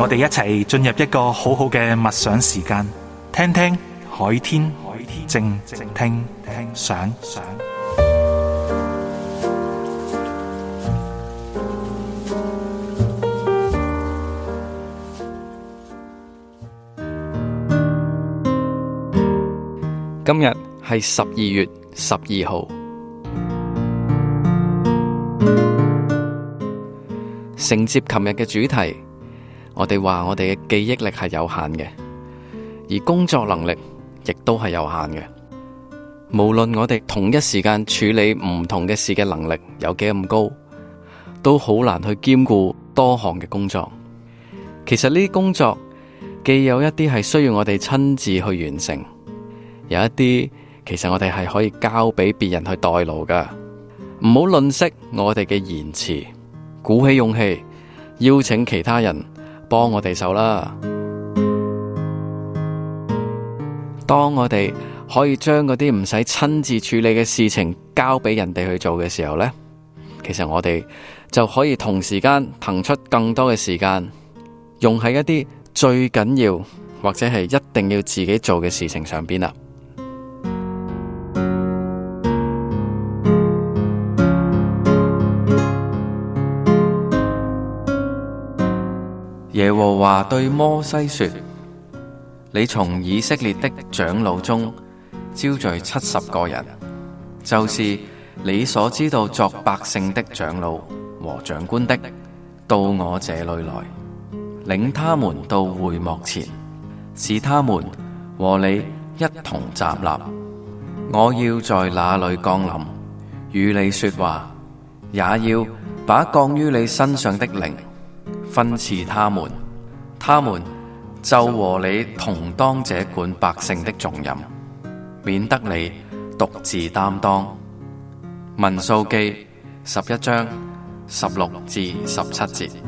我哋一齊進入一個好好嘅默想時間，聽聽海天靜靜聽想。今日係十二月十二號，承接琴日嘅主題。我哋話我哋嘅記憶力係有限嘅，而工作能力亦都係有限嘅。無論我哋同一時間處理唔同嘅事嘅能力有幾咁高，都好難去兼顧多項嘅工作。其實呢啲工作既有一啲係需要我哋親自去完成，有一啲其實我哋係可以交俾別人去代勞㗎。唔好吝嗇我哋嘅言辭，鼓起勇氣，邀請其他人。幫我哋手啦！當我哋可以將嗰啲唔使親自處理嘅事情交俾人哋去做嘅時候呢，其實我哋就可以同時間騰出更多嘅時間，用喺一啲最緊要或者係一定要自己做嘅事情上邊啦。耶和華對摩西說：你從以色列的長老中招聚七十個人，就是你所知道作百姓的長老和長官的，到我這裏來，領他們到會幕前，使他們和你一同站立。我要在那裏降臨，與你說話，也要把降於你身上的靈分賜他們。他們就和你同當這管百姓的重任，免得你獨自擔當。民數記十一章十六至十七節。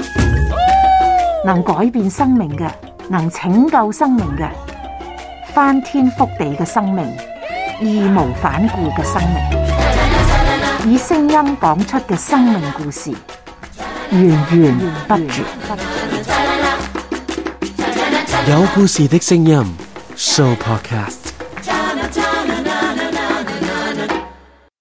能改變生命嘅，能拯救生命嘅，翻天覆地嘅生命，義無反顧嘅生命，以聲音講出嘅生命故事，源源不絕。有故事的聲音，Sooo Podcast。